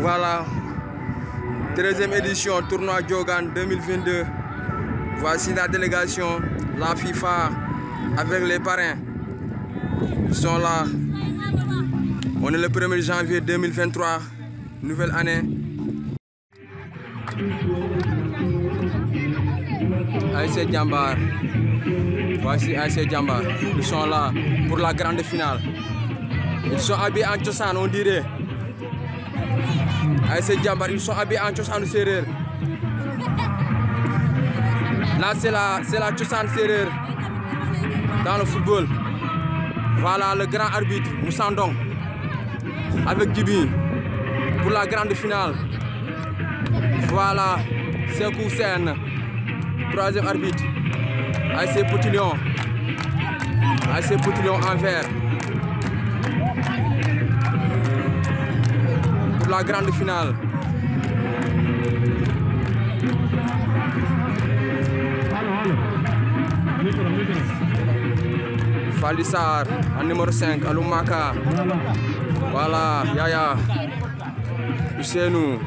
Voilà, 13e édition tournoi Jogan 2022. Voici la délégation, la FIFA avec les parrains. Ils sont là. On est le 1er janvier 2023, nouvelle année. Aïssé Djambar voici AC Djamba. Ils sont là pour la grande finale. Ils sont habillés en Tchossan, on dirait. AC Djamba, ils sont habillés en de Serrer. Là, c'est la, la de Serrer dans le football. Voilà le grand arbitre, Moussandong, avec Gibi pour la grande finale. Voilà, c'est Sen, troisième arbitre. AC Poutillon. AC Poutillon envers. Pour la grande finale. Falissar, a número 5, Alumaka. Voilà, Yaya. Chez nous.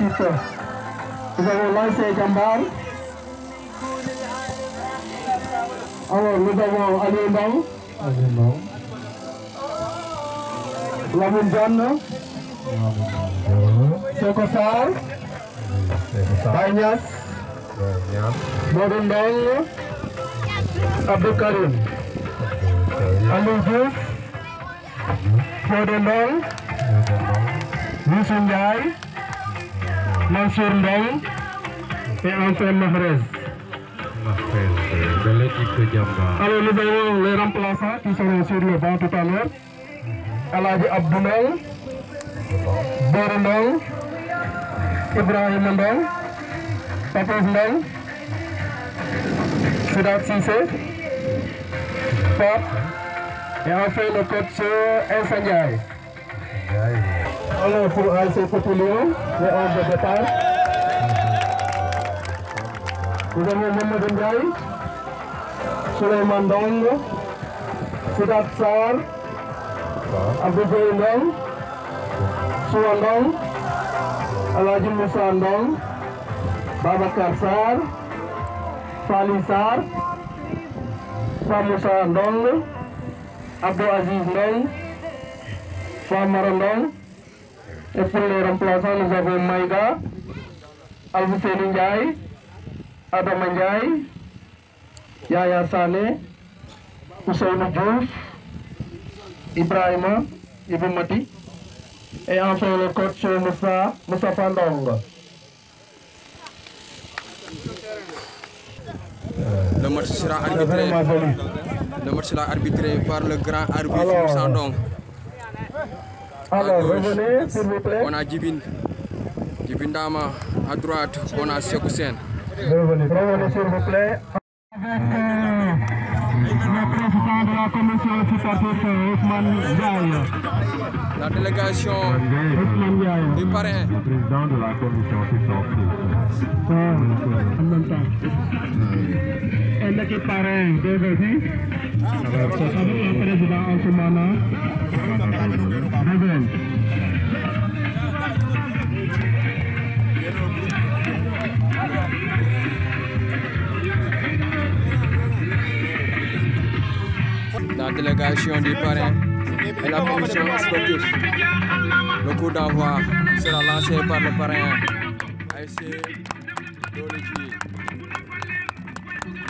kifo. Nous avons lancé Gambar. Alors, nous avons Alimbang. Alimbang. Lamoun John. Seko Sar. Banyas. Modun Dong. Abdul Karim. Alimbang. Diouf. Modun Dong. Yusuf Jai. Mansour Mbaye et enfin Mahrez. Mahrez de l'équipe Diamba. Alors nous avons les le banc tout à l'heure. Aladji Abdoulaye, Bor Ndong, Ibrahima Ndong, Papouf Ndong, Sidat Cissé, Pape et enfin le coach Insa Alors pour ASC Cotulio, le 11 de départ. Nous avons Mohamed Suleiman Dong, Sidat Sar, Abdoulaye Ndong, Suwan Dong, Alajim Musa Ndong, Babakar Sar, Fali Sar, Famusa Ndong, Abdou Aziz Dong, Famaran Et pour les remplaçants, nous avons Maïga, Alvoussé Ndiaye, Adam Ndiaye, Yaya Sane, Ousseinou Diouf, Ibrahima, Mati, et enfin le coach Moussa, Moussa euh, Le match sera arbitré, par le grand arbitre Moussa Ndong. Alors, revenez, s'il vous plaît. On a Djibin. Djibin Dama à droite. On a Sekoussen. Revenez, revenez, s'il vous plaît. Avec le président de la commission citative, Ousmane Diaye. La délégation Ousmane du parrain. Le président de la commission citative. Ah, en même temps. Et l'équipe parrain, bienvenue. le président en La délégation du parrain et la commission sportive. Le coup d'envoi sera lancé par le parrain Aïssé Doligi.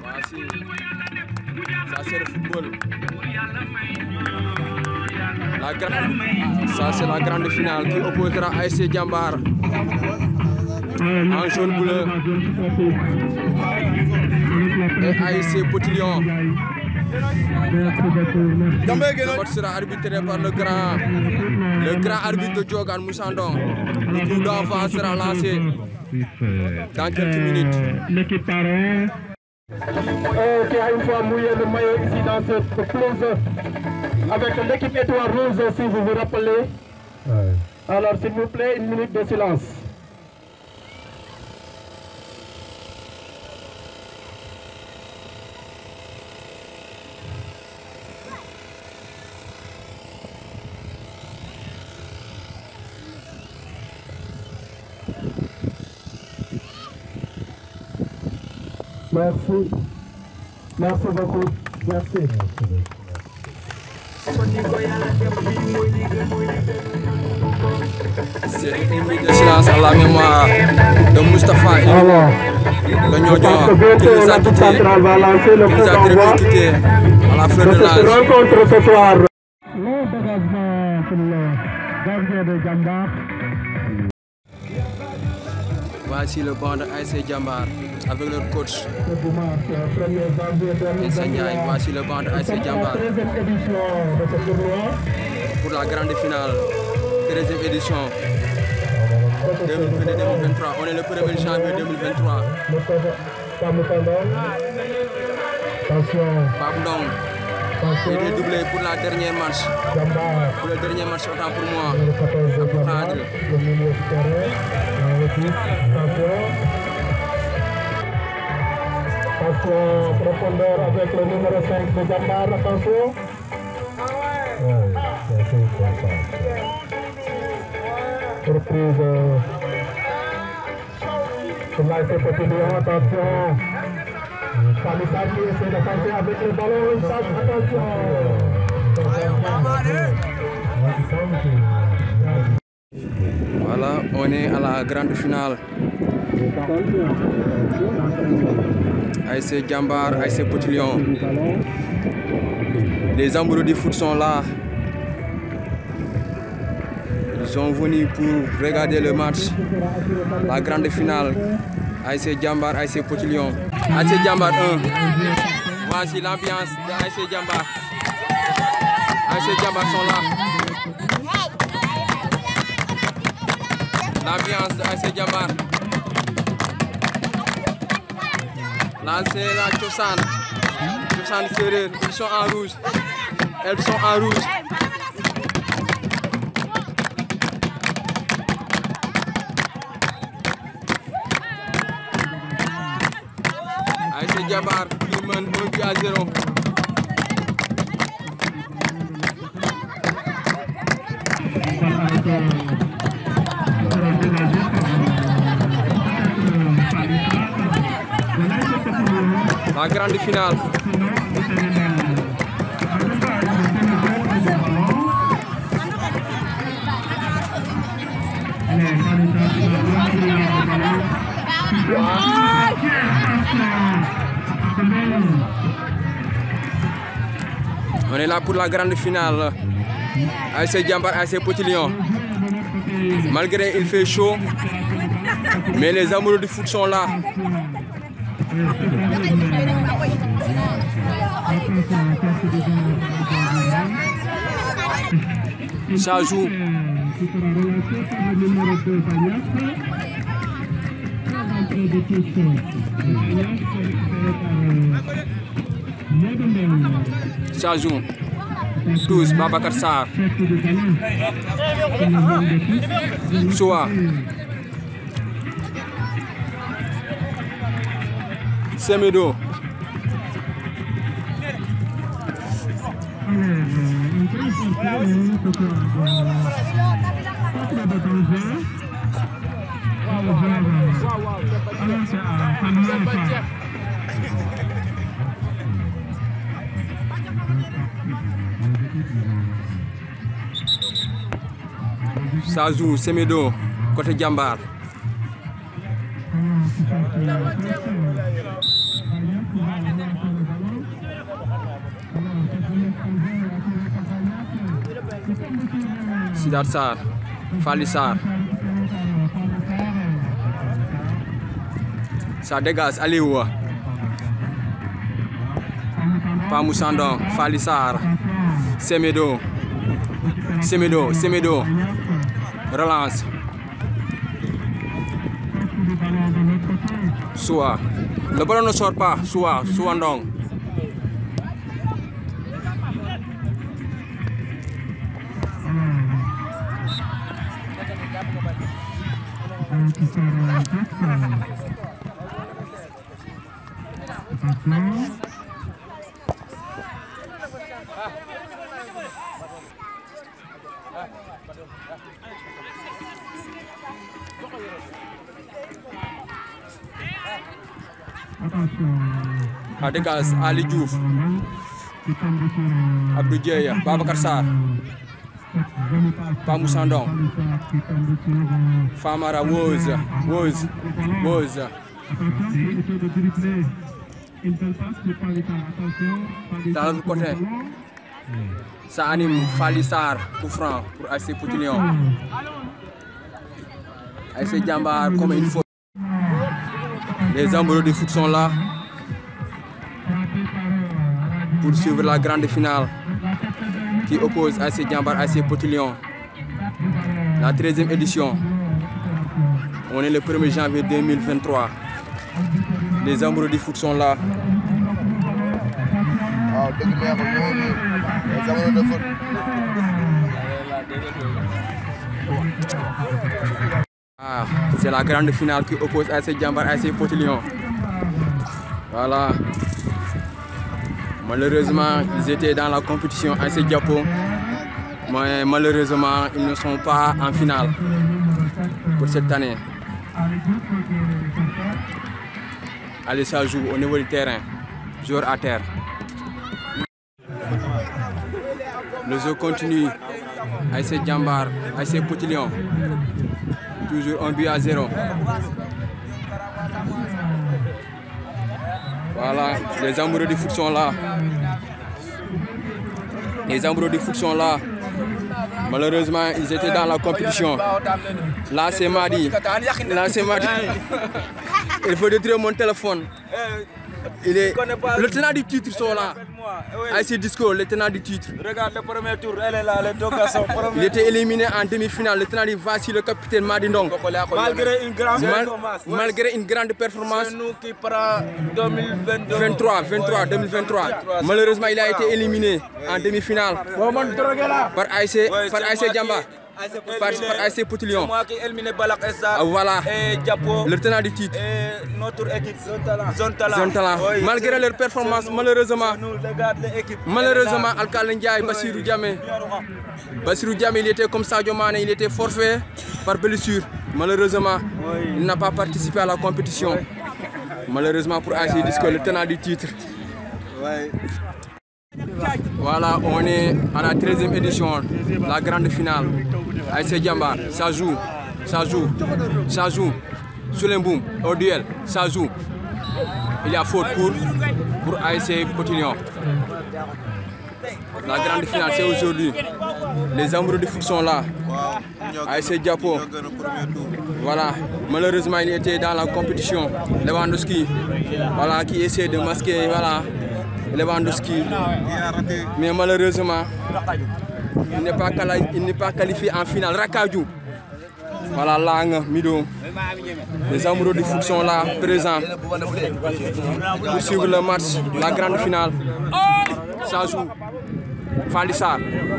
Voici, ça c'est le football. La grande, ça c'est la grande finale qui opposera A.C. Jambar en jaune bleu et A.C. Potillon. Le match sera arbitré par le grand, le grand arbitre de Djogan Moussandon. Le coup d'enfant sera lancé dans quelques minutes. ok euh, qui a une fois mouillé le maillot ici dans cette pelouse avec l'équipe Étoile Rose si vous vous rappelez. Alors, s'il vous plaît, une minute de silence. Merci. Merci beaucoup. Merci. kon ni ko yàlla def fii mooy li gën mooy li gën c'est une la mémoire de a quittés, qui la fin de l'âge. rencontre Voici le banc de avec leur coach. Sanyaï, voici le banc de ASC pour la grande finale, 13e édition 2023. On est le 1er janvier 2023. Attention. Et de doubler pour la dernière marche. Pour la dernière marche, autant pour moi. Abou Khadr. Attention, profondeur avec le numéro Jambar, attention. Surprise. Cela a Voilà, on est à la grande finale. Aïssé Gambar, Aïssé Potillon. Les amoureux du foot sont là. Ils sont venus pour regarder le match, la grande finale IC Jambar, ASC Potilion. ASC Jambar 1. Voici l'ambiance de Jambar. ASC Jambar sont là. L'ambiance de Jambar. Là, c'est la Chosan. Chosan Serré. Ils sont en rouge. Elles sont en rouge. de Jabar li mën 1 bi à 0 la grande finale Oh, yeah. On est là pour la grande finale. assez Djambar, AC Petit Lion. Malgré il fait chaud, mais les amoureux du foot sont là. Ça joue. Sajun, 12 Babacar Sar Soa Semedo Wow, wow. Sazou Semedo côté Jambar Sidar Sar Fali Sar ça dégage Fali Sar Semedo Semedo Semedo relance Soua le ballon ne sort pas Soua Souandong Adi Ali Diouf Abdou Dieya Babacar Sarr Pamou Sandong Famara Woza Woza Woza Dans le côté Ça anime Fali pour franc pour AC Poutignon. AC Djambar comme il faut. Les amoureux du foot sont là pour suivre la grande finale qui oppose AC Djambar à AC La 13e édition. On est le 1er janvier 2023. Les amoureux du foot sont là ah, c'est la grande finale qui oppose Djambar Diambar ASC Potillion. voilà malheureusement ils étaient dans la compétition AC Diapo mais malheureusement ils ne sont pas en finale pour cette année allez ça joue au niveau du terrain joueur à terre Le jeu continue. Aïssé Djambar, Aïsé Poutillon. Toujours un but à zéro. Voilà, les amoureux du foot sont là. Les amoureux du foot sont là. Malheureusement, ils étaient dans la compétition. Là, c'est mardi. Là, c'est mardi. Il faut détruire mon téléphone. Eh, Il est... Le tenant du titre sont là. Ouais. IC Disco, le tenant du titre. Regarde le premier tour, elle est là, les deux garçons. Il était éliminé en demi-finale. Le tenant du Vassi, le capitaine Madindong. Malgré une grande performance. C'est nous qui prend 2022. 23, 23, 2023. Malheureusement, il a été éliminé en demi-finale. Par IC, par IC Jamba. Ah, par AC ah, Voilà, le tenant du titre. Et notre équipe, Malgré leur performance, malheureusement, nous, malheureusement, et Ndiaye, Bassirou Diame. Bassirou Diame, il était comme Sadio Mane, il était forfait par blessure. Malheureusement, il n'a pas participé à la compétition. Malheureusement pour AC Disco, le tenant du titre. Voilà, on est à la 13e édition, la grande finale. Aïssé Djamba, ça joue, ça joue, ça joue. Soulemboum, au duel, ça joue. Il y a faute pour, pour Aïssé La grande finale, c'est aujourd'hui. Les amoureux de foot sont là. Aïssé Diapo. Voilà. Malheureusement, il était dans la compétition. Lewandowski. Voilà, qui essaie de masquer. Voilà. Lewandowski. Mais malheureusement, il n'est pas, qualifié, pas qualifié en finale. Rakadou, voilà langue, Mido. Les amoureux du foot sont là, présents, pour suivre le match, la grande finale. Ça joue.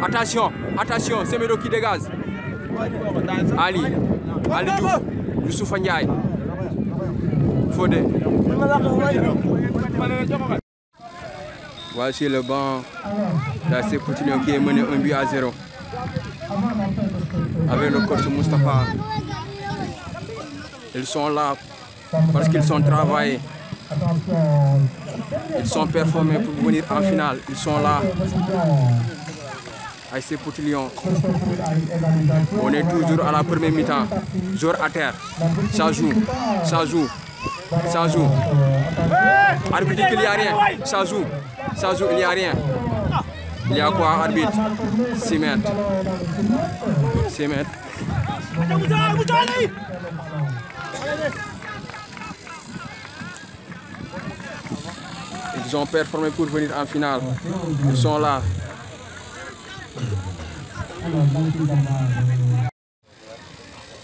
Attention, attention, c'est Mido qui dégage. Ali, Ali Fanyay. Youssouf Voici le banc d'AC Poutine qui est mené 1 but à 0. Avec le coach Mustapha. Ils sont là parce qu'ils sont travaillés. Ils sont performés pour venir en finale. Ils sont là. AIC Poutine. On est toujours à la première mi-temps. Jour à terre. Ça joue. Ça joue. Ça joue. Arbitre qu'il n'y a rien. Ça joue. Sans joue, il n'y a rien. Il y a quoi, arbitre 6 mètres. 6 mètres. Ils ont performé pour venir en finale. Ils sont là.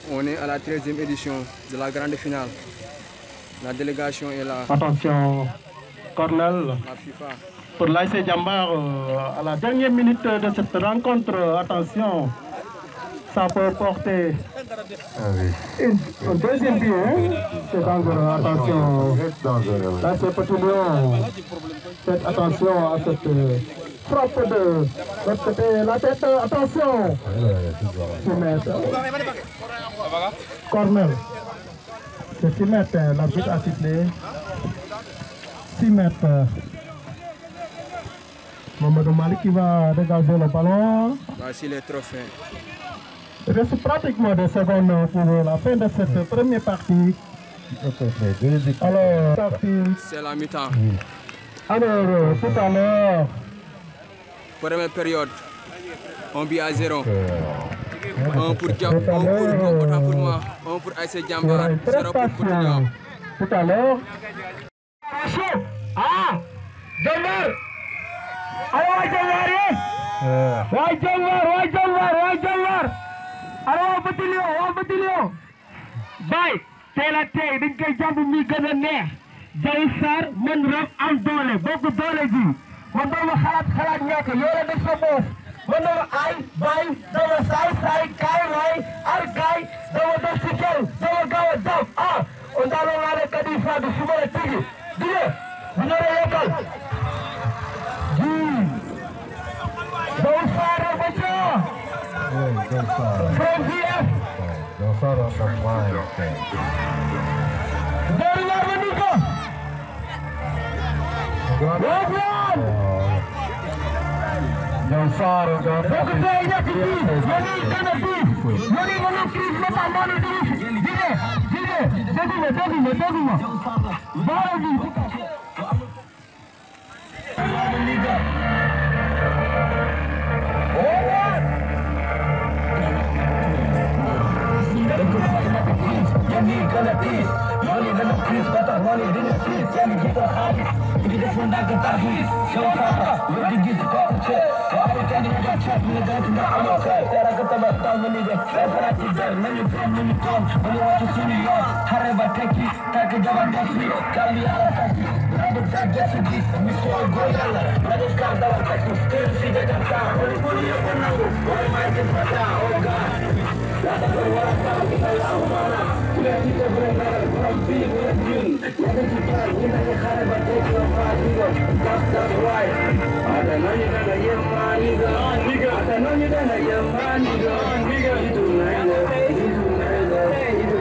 On est à la 13e édition de la grande finale. La délégation est là. Attention. Cornel, pour laisser Jambar euh, à la dernière minute de cette rencontre. Attention, ça peut porter ah un deuxième pied. Hein. C'est dangereux, attention. Là, c'est petit lion. Faites attention à cette euh, frappe de l'autre La tête, attention. Ah, Cornell. C'est 6 hein, la l'arbitre a sifflé. 6 mètres. Eh. Mamadou Malik qui va dégager le ballon. Voici les trophées. Il reste pratiquement des secondes pour la fin de cette première partie. Alors, c'est la mi-temps. Oui. Alors, euh, tout à l'heure. Première période. On vit à zéro. Euh, un pour Diop, un pour moi, un pour Aïssé C'est zéro pour Tout à l'heure. Aşık. Aa. Gönder. Ara vay canlar yes. Vay canlar, vay canlar, vay canlar. Ara vay batılıyor, vay batılıyor. Bay, telate, dinke jambu mi gadane. Jai sar, man rap am dole, boku dole ji. Man dole halat halat nyaka, yore de sabos. Man dole ay, bay, dole say, say, kay, vay, ar kay, dole dole sikel, dole gawa dab, ah. Ondalo lare kadifa, dole sumare tigi. দিয়ে মিনারে local জি não é você! From here! Dousar on the mind. Doria Benica! Dousar! Dousar on the mind. Dousar on the mind. Dousar on the mind. Dousar on the mind. Dousar on the Додумай, додумай, додумай. Барабин. Sen bırak gider, beni ben, beni kan, beni acısını yok. are bateki, take the one that's here, tell me all about you. Rabbit said, yes, a goal. Let us come down, let us a lot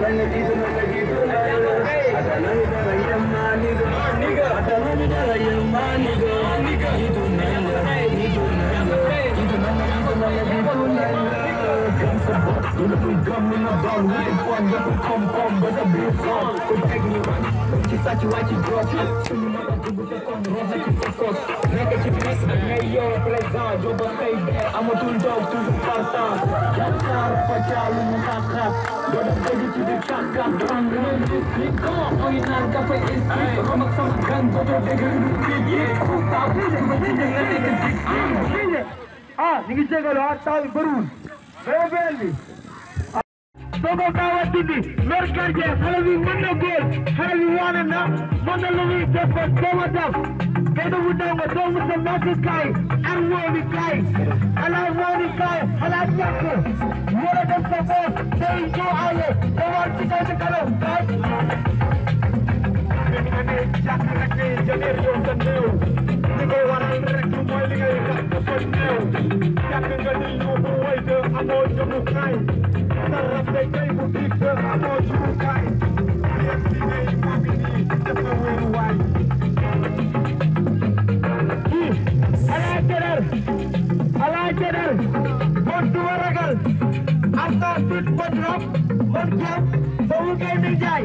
I'm gonna you. nigga, nigga, nigga, nigga, nigga, nigga, nigga, nigga, nigga, Don't look at gum in a bum, waiting for another come come, but I'm being fun. Quit ignorant. She said you like your grudge. Soon you might do what you're on, run like it's a fuss. Make it your best, make your present. Yo, but stay there, I'm a tool dog to the partan. Yakar, pacal, munaka. But I'm ready to the kaka. Don't run this big gum. Oh, you can't go for this big. Come up some gun, but you're bigger than the big. Yeah, come up. You're bigger than the big. Ah, Nigeria, Baru. Overly. Bogo Kawatiti, Merkarja, Halavi Munda Gol, Halavi Wanana, Munda Lumi, Tepas, Kawadap, Kedu Wudanga, Domu Samaki Kai, Arwani Kai, Alawani Kai, Alajaku, Murada Sabo, Dei Jo Ale, Kawar Chika Chikaro, Kai. Jangan jangan jangan jangan jangan yàgg nga di yuuxu way de amoo jëmukaay sa rab day tey bu diig de amoo jëmukaay yéen si ne yi moo ngi nii def na wéeru waay kii alaa jëdër alaa jëdër man du ma ragal am naa fit ba drop man jëm ba wu gay mi jaay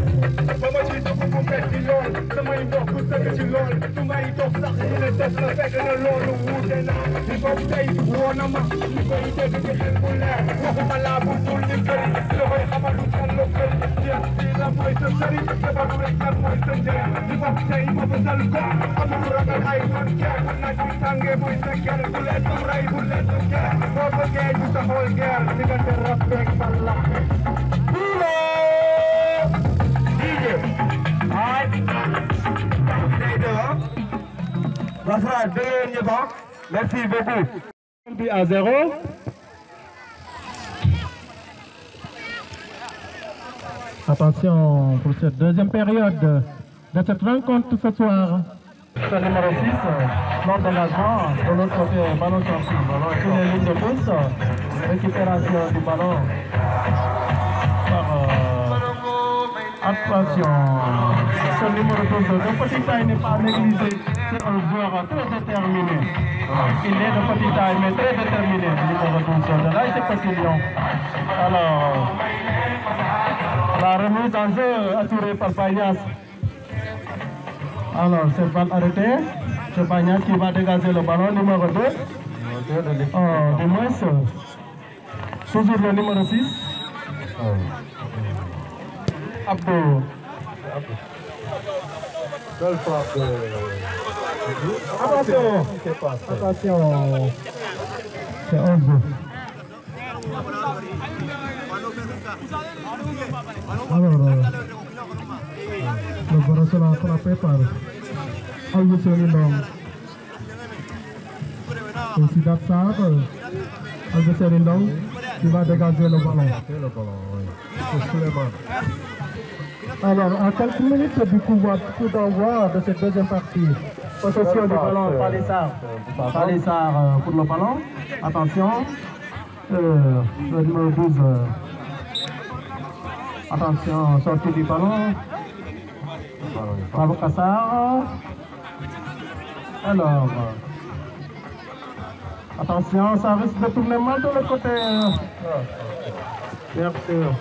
dama ciy ci lool su may loolu wuute naa li ko tey woo na ma ñu koy dégg ci xel bu leer waxuma laa bu dul li bëri la koy xamalu kan la bëri yéen fii la mooy sa sëriñ dafa du rek kan mooy sa njëriñ li ko tey ma fësal ko amul ragal ay noon jeex naaj bi tàngee mooy sa kër bu leen am rey bu leen Lafra, deuxième banc. Merci beaucoup. Un but à zéro. Attention pour cette deuxième période de cette rencontre ce soir. C'est le numéro 6, plan d'engagement, de l'autre côté, ballon sorti, Voilà, sur les lignes de pouce, récupération du ballon. Attention, ce numéro 32, le petit taille n'est pas négligé, c'est un joueur très déterminé. Il est de petit taille, mais très déterminé, numéro 32 de Alors, la remise en jeu assurée par Pagnas. Alors, c'est pas arrêté, c'est Pagnas qui va dégager le ballon numéro 2. Oh, du moins, toujours le numéro 6. Apo. Abração. Abração. Que ondo. Allora, loro se la, se la preparo. Algo se li dong. E si da sabe, algo se li dong, si va a degazer o balão. Pelo balão, olha. Isso é, mano. Alors, en quelques minutes du coup d'envoi de cette deuxième partie. Possession du ballon par les Par les pour le ballon. Attention. Euh, le numéro 12. Euh, attention, sortie du ballon. Bravo Kassar. Alors. Euh, attention, ça risque de tourner mal de l'autre côté. Merci. Ah.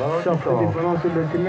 Ah, sortie du ballon sur le 10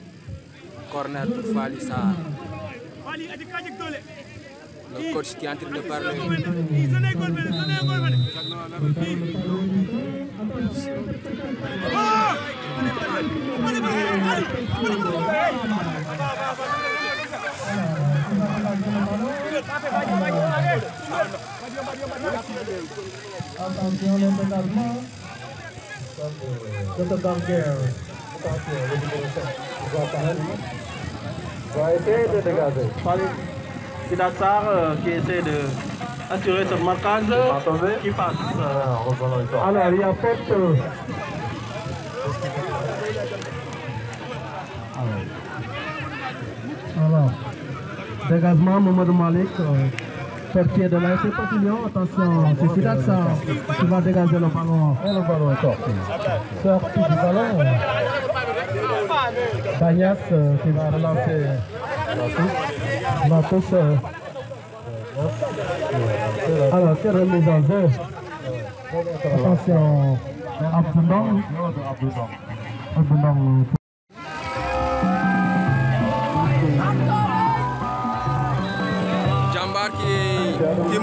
corner pour Fali Sarr. Le coach qui est en train de parler. Attention le dégagement. Tetap Attention, On va essayer de dégager. Sidassar euh, qui essaie de assurer ce marquage qui passe. Euh... Alors, il y a fait. Euh... Alors, dégagement Mohamed Malik le pied de l'AFC Papillon, attention, c'est Sidat ça qui va dégager le ballon. Et le ballon est sorti. Sorti du ballon. Bagnas euh, qui va relancer Matos. Euh, alors, c'est remis en jeu euh, Attention, en Abdoundang.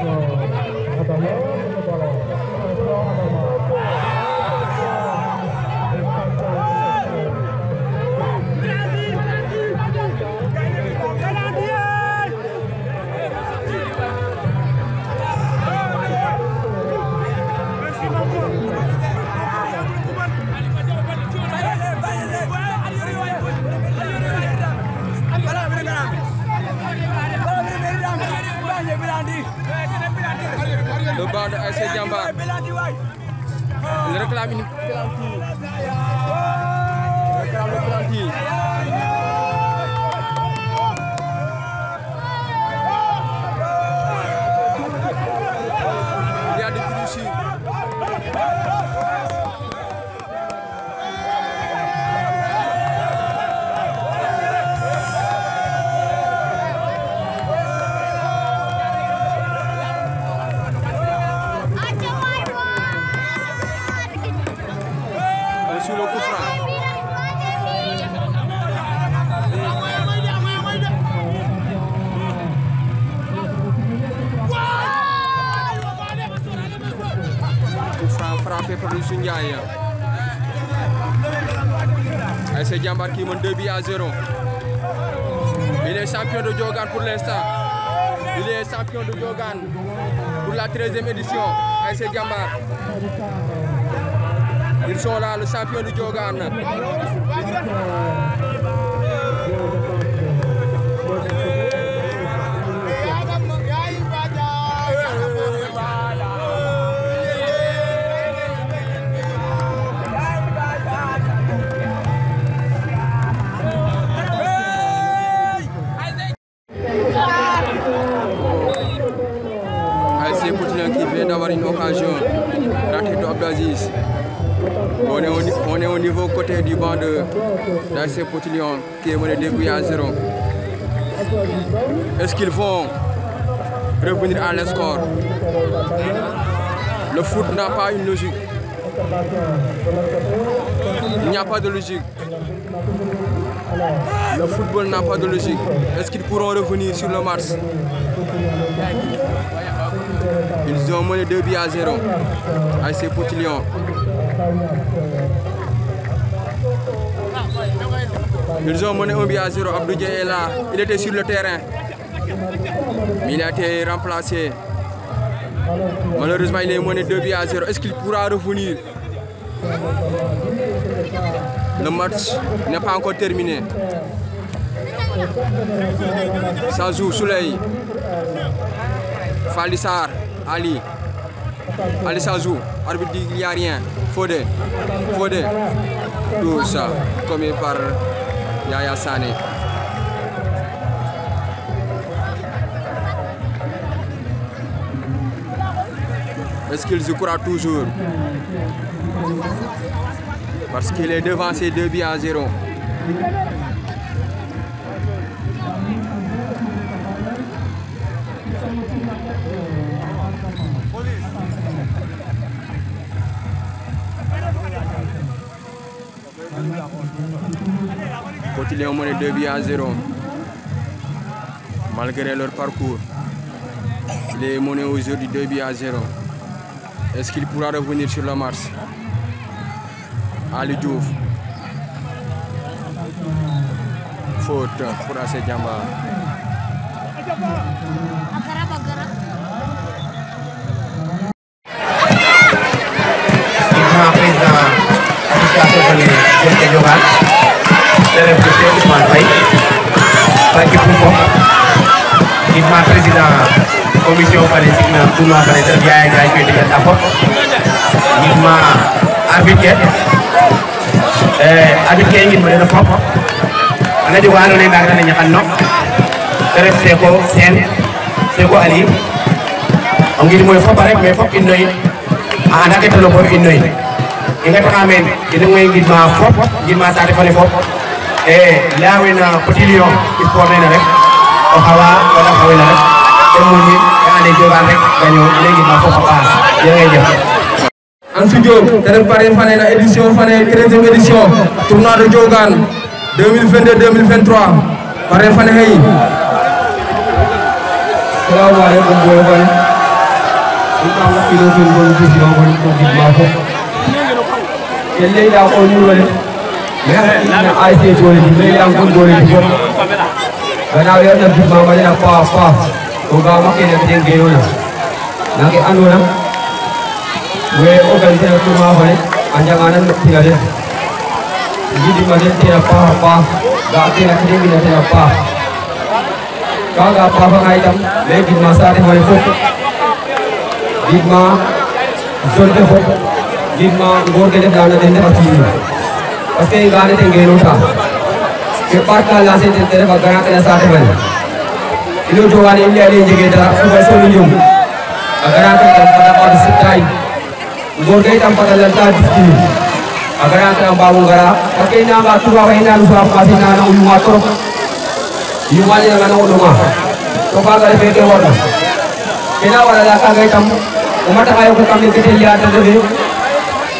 Atau mau, atau mau, atau mau. কি paper Youssou Ndiaye ay c'est Diambar qui champion de Diogane pour l'instant il champion de Diogane pour la 13e édition ay c'est Diambar champion de Diogane du banc de l'AC Potillon qui est mené début à zéro. Est-ce qu'ils vont revenir à l'escore Le foot n'a pas une logique. Il n'y a pas de logique. Le football n'a pas de logique. Est-ce qu'ils pourront revenir sur le mars Ils ont mené 2 buts à zéro. AS Potillon. Ils ont mené un but à 0. Abdou est là. Il était sur le terrain. Il a été remplacé. Malheureusement, il est mené 2 à 0. Est-ce qu'il pourra revenir Le match n'est pas encore terminé. Sazou Soleil. Falissar Ali. Ali Sazou. Arbitre dit qu'il n'y a rien. Faudé. Faudé. Tout ça commis par Yaya Sané Est-ce qu'il se croit toujours Parce qu'il est devant ses deux billes à zéro. les ont 2 buts à 0. Malgré leur parcours, les monnaies aujourd'hui 2 buts à 0. Est-ce qu'il pourra revenir sur la marche Ali Diouf. Faute pour Assé jamba tuma kare jaay gaay koy digal apo ma arbitre eh arbitre ngi mo dina fop ana di wano ne ndaga na nyakanno tere seko sen seko ali ngi moy fop rek mais fop indoy ana ke tolo ko indoy inga ta amen ina moy ngi ma fop ngi eh lawena petit lion il faut rek o xawa wala xawena rek dem mu ñib nga andi jógaan rek nga ñëw léegi ma foofa paas jërëjëf. Ansu Diop keneen pare fane na édition fane treizième édition tournoi de Diogan 2022 2023 pare fane Moga makin natin gayon. Nang ano na? We ogan sa kuma ba? Anjanganan tira din. Hindi man din tira pa pa. Dati na kini din tira pa. Kaga pa ba ngai dam? Le gid masare hoy fuk. Gid ma जोरते हो गीत माँ गोर के लिए गाना देने पति उसके गाने थे गेनोटा के पार का लासे तेरे बगड़ा के साथ बने iloto wana indi ale jege dara fuga solo ñum agara ka tan fata ko sittay ngor gay tan fata lanta difti agara ka tan babu gara pake na ba tuba way na lufa ma fi na na uyu ma toro yu ma ya na uyu ma to ba gare be ke wona ina wala la ka gay tam o mata ayo ko kam ke te ya tan de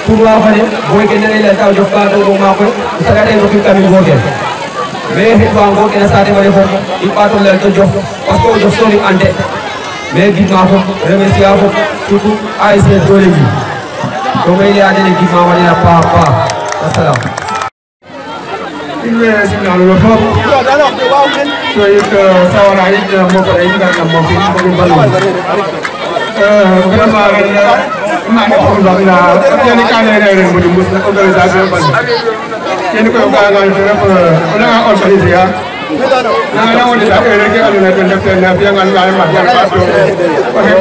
tuba fane boy ke ne la taw jofa do ma ko sagade ro ki kam ngor gay mais heɓɓango kene sate waɗe fof in ɓato lelto jof par ce que o jof soni ante mais gidma fof remercier a koy leya dene gidma waɗena paax paax assalam in we simna kene koy o ga'anga ten ref o nangan organiser a nanga na wonita heure ke andoona yee ten ref ten a fi'angaan ngaxay maak yaam ɓaat to waxe anda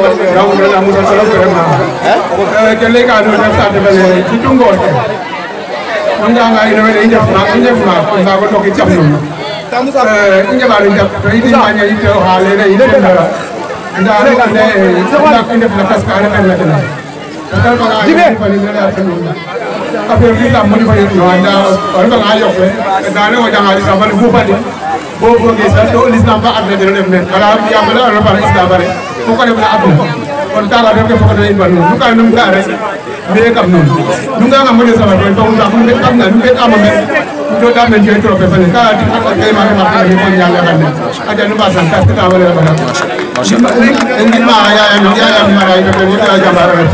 fogrena a mosa trop vraiment ke layka andoona yee saate fene surtout ngoor ke nu nga'anga ino wene i njef maak i njef maak i mbaag o ɗokit jaf nuun i njaɓaan o njap to i timaña yit oxa leene yit ten dara nda nu ande naak i ndef no kas ka refna tena o tarfanga a fanin affaire l'islam mo ɗifayi ɗo anda ɗon ha yoɓɓe dane o janga l'islam bane fufani bo foge sa ɗo l'islam ba arde ɗeno ɗem men wala yamala repara islam are foko ɗemna abdu kon tara fefke fokata in wan nuun nukane num ga rek mbiye kam nuun nu nganga moƴo sama ten to ndax nu mbeɗ kamna nu mbeɗ ama men nu joɗa men joyi trope fane ka tig kayma femae kon yaga xane aja nu mbasan kas ke tawalera ɓaɗa i ngidma yayam yayam marayi fefe jambar ref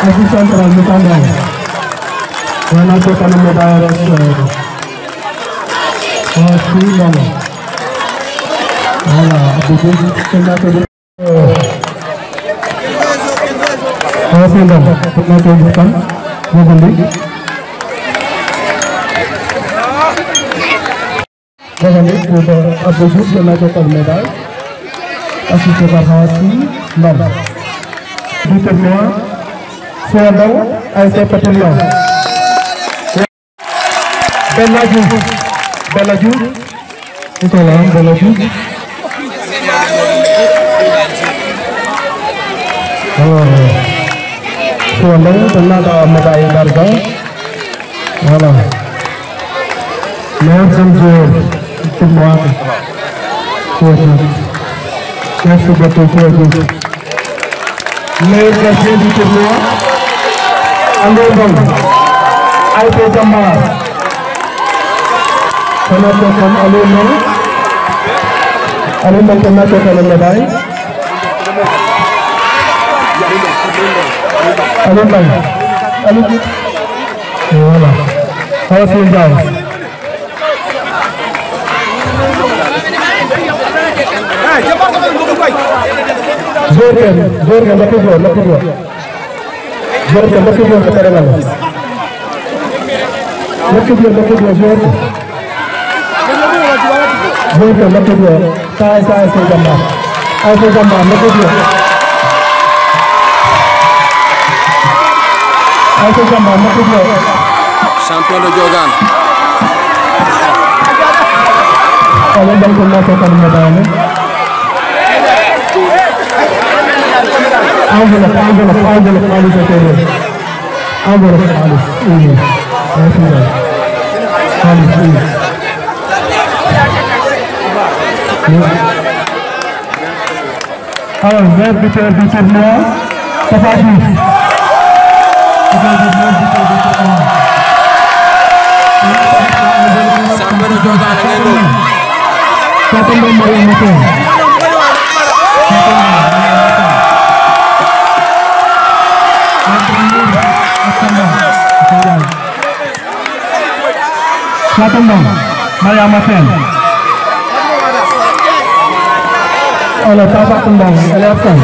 asisten terlanjut kandang mana kota nomor daerah oh, Osman Ala Abu Kena Tujuh Osman Kena Tujuh Kan Bukan Bagaimana kita Abu Zul Kena Tujuh Medal Asyik Terhati Nol Di terminal सोलह नौ ऐसे पटुलिया बेलाजू बेलाजू सलाम बेलाजू सोलह बल्ला का मकाई करता वाला मैं समझो तुम वहाँ Merci beaucoup. Merci beaucoup. Merci beaucoup. Angoban, Aipe Jamba, Kanada from Alumno, Alumno Kanada from Alumni, Alumni, Alumni, Alumni, How's it going? Zorgen, Zorgen, lekker door, lekker door. Jordan, look at your material. Look at your, look at your, Jordan. Jordan, look at your. Size, size, size, jump back. Size, jump back, look at your. Size, jump back, look at your. Champion de Jordan. Alın ben kullanmak için ne dayanır? أولك أولك أولك خالص Sampai nujung tangan itu. Satu satu dong, Maya Masen. Oleh Bapak Tembang, kelihatan.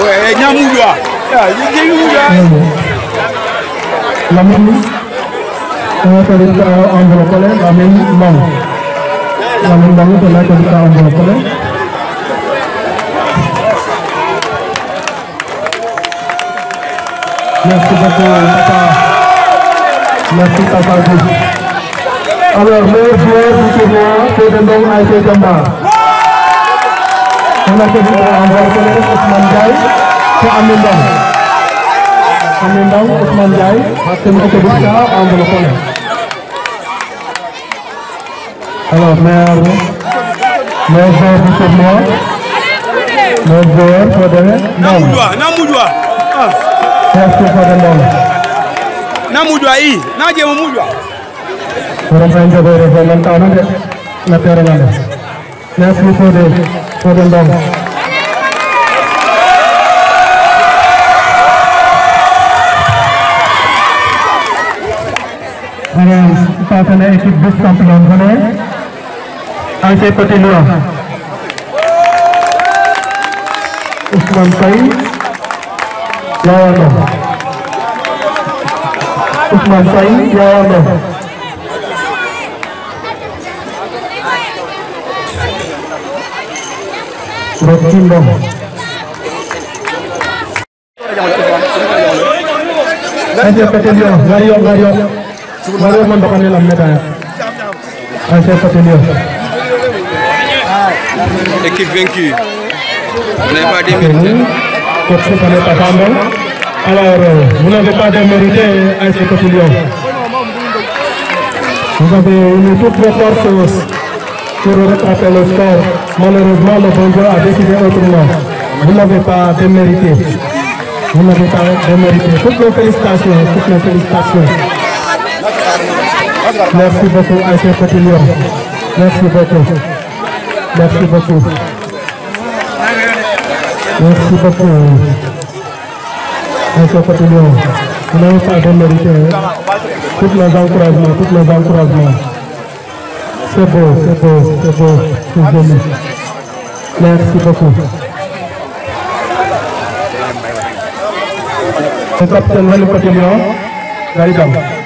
Weh, nyamuk juga. Ya, jadi juga. lamin Kalau tadi kita ambil lamin kami mau. Kami mau itu lah tadi kita ambil kole. Yes, kita masih tak bagus. Alors, meilleur joueur du tournoi, Kodendong AIC Jamba. On a fait envoyer Ousmane Diaye ke Amindang. Amindang Ousmane Diaye, tim Okobuka Ambolokone. Alors, meilleur, meilleur joueur du tournoi, meilleur joueur Kodendong. Namoudoua, Namoudoua. Merci ah. Kodendong. namujwa hii naje mumujwa orofanjo gore ko man tawna de na tere lande na fu ko de ko de ndom हमारे शासन एक बीस संपन्न होने आशे पटेलुआ उस्मान भाई लावानो Masai Yalo. Rotino. Aja petilio, Mario, Mario, Mario mendokannya lamnya tanya. Aja petilio. Équipe vaincue. On est pas des minutes. Coach, on est pas Alors, euh, vous n'avez pas démérité à euh, ce quotidien. Vous avez une toute vos force pour rattraper le score. Malheureusement, le bon a décidé autrement. Vous n'avez pas démérité. Vous n'avez pas démérité. Toutes nos félicitations, toutes nos félicitations. Merci beaucoup, cette Cotillon. Merci beaucoup. Merci beaucoup. Merci beaucoup. ऐसे पटुलिया उन्हें साधन में रहते हैं कुछ मैदान तो को राजना कुछ मैदान को राजना सेबो सेबो सेबो सेबो लेट सिपको सब चंद्रली पटुलिया गाड़ी जाओ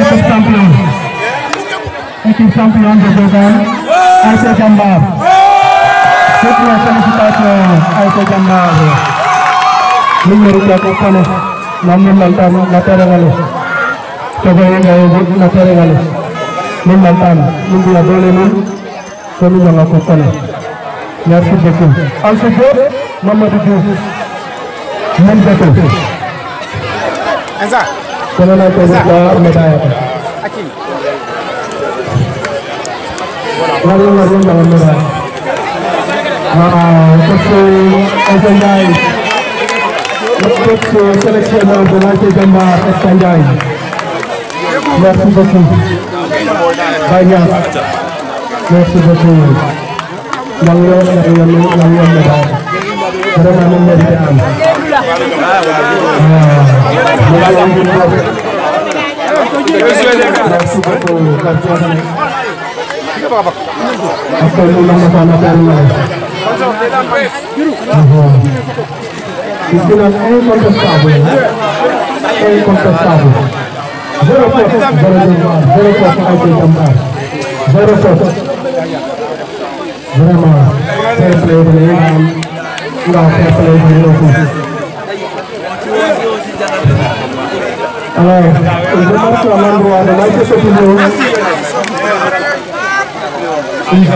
ekip campion ekip campion jodohkan IC Jambar sebuah felicitasi IC Jambar menyuruhkan kokono namun mantan lateral coba yang gaya lateral ini mantan mungkin boleh nun kami jangan kokono Merci beaucoup. En ce jour, Mamadou Diouf, Kononakobutwa umetayapa walongalonga wamera koso Essa Ndiaye coach sélectionneur de l'ASC Diambar Essa Ndiaye merci beaucoup Baye Niass merci beaucoup nang yo nang yo nang yo médaille vraiment ñu mérité am Istilahnya incontestável, incontestável. Zero foto, zero jumlah, zero foto aja jumlah, zero Alors, il repart à l'endroit de Michael Sopino. Il fait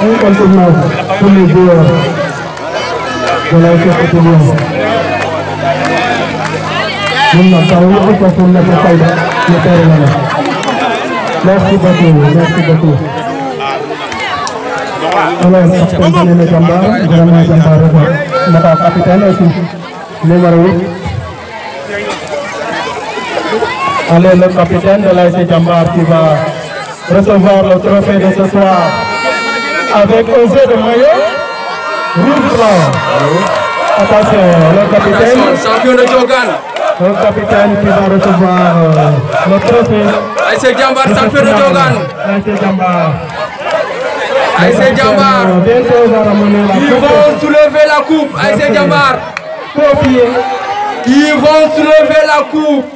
un contournement pour les joueurs de Michael Sopino. Maintenant, ça va être un contournement pour Taïda, le père et la mère. Merci beaucoup, merci beaucoup. Alors, capitaine Gambar, vraiment Gambar, notre capitaine aussi, numéro 8. Allez, le capitaine de l'AIC Jambar qui va recevoir le trophée de ce soir avec OZÉ de maillot rouge blanc. Attention, le capitaine. Champion de Jogan. Le capitaine qui va recevoir euh, le trophée. AIC Jambar, champion de Jogan. AIC Jambar. AIC Jambar. Ils vont soulever la coupe, AIC Jambar. Ils vont soulever la coupe.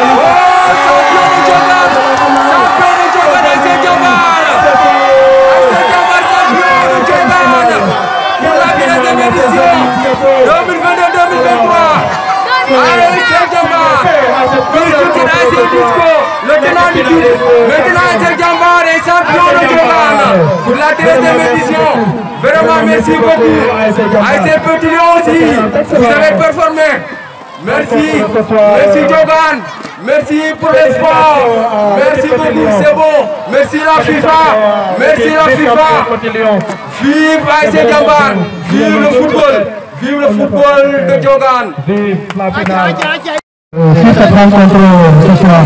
Maintenant, le tenant du le tenant de est champion pour la 13e édition. Vraiment, merci beaucoup. À ces petits lions aussi, vous avez performé. Merci, merci Jogan. Merci pour l'espoir. Merci beaucoup, c'est bon. Merci la FIFA. Merci la FIFA. Vive Aïssé Gambar. Vive le football. Vive le football de Jogan. Vive la finale. Fiesta t r a n c o n t r o l ce soir,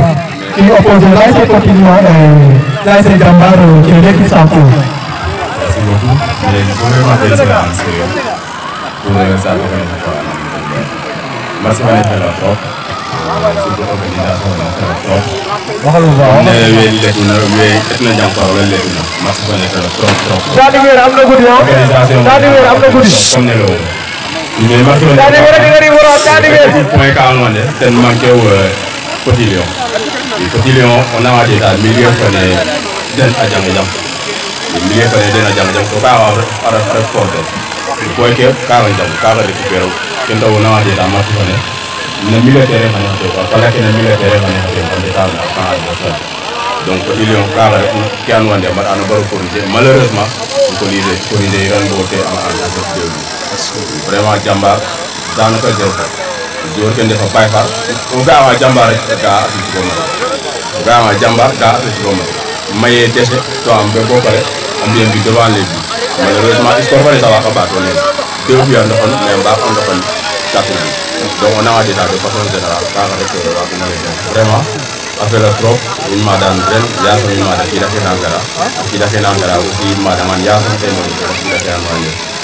qui oppose l'ASC Cotignan et l'ASC Gambaro, qui est l'équipe Sanko. Merci beaucoup. je veux m'appeler à m n s e u pour le savoir. Merci pour l'être la propre. Surtout l'organisation de la propre. On est l'être la propre. L'être la propre. Merci pour l'être la propre. L'organisation de la propre. mais Barcelone point Cameroun ten manqué au Petit Lion Petit Lion on awa ɗeeta milieu den a jang jam milieu fene den a jang jam to ka awa ref forte point ke kaga jam kaga récupéré u ken taxu nawa ɗeeta match fene no milieu terrain fane xa tewa pala ke no milieu terrain fane xa tew a ɗeeta no camp adversaire donc Petit Lion kaga refu ke andoona yee mbaɗano baro corriger malheureusement corriger corriger iran bo te a a parce que vraiment jàmbaar daanaka jël ko jóor kenn dafa bàyyi far o ga'awa jàmbaar rek ga a affiche bo o ga'awa jàmbaar ga a affiche bo mayee dese to am be bo pare a mbi'e mbi devant les buts malheureusement score fane sax waaga ɓaato neen deux buts a ndoxan mais mbaag a ndoxan quatre buts donc on awa déjà de façon générale kaaga rek waaguma lay ten vraiment affaire a trop in ma daan a yaasam in ma da kiida ke na a kiida ke na ngara aussi in ma daman yaasam ten o kiida ke a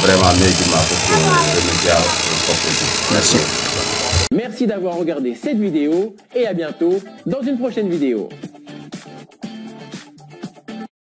vraiment euh, Merci. Merci d'avoir regardé cette vidéo et à bientôt dans une prochaine vidéo.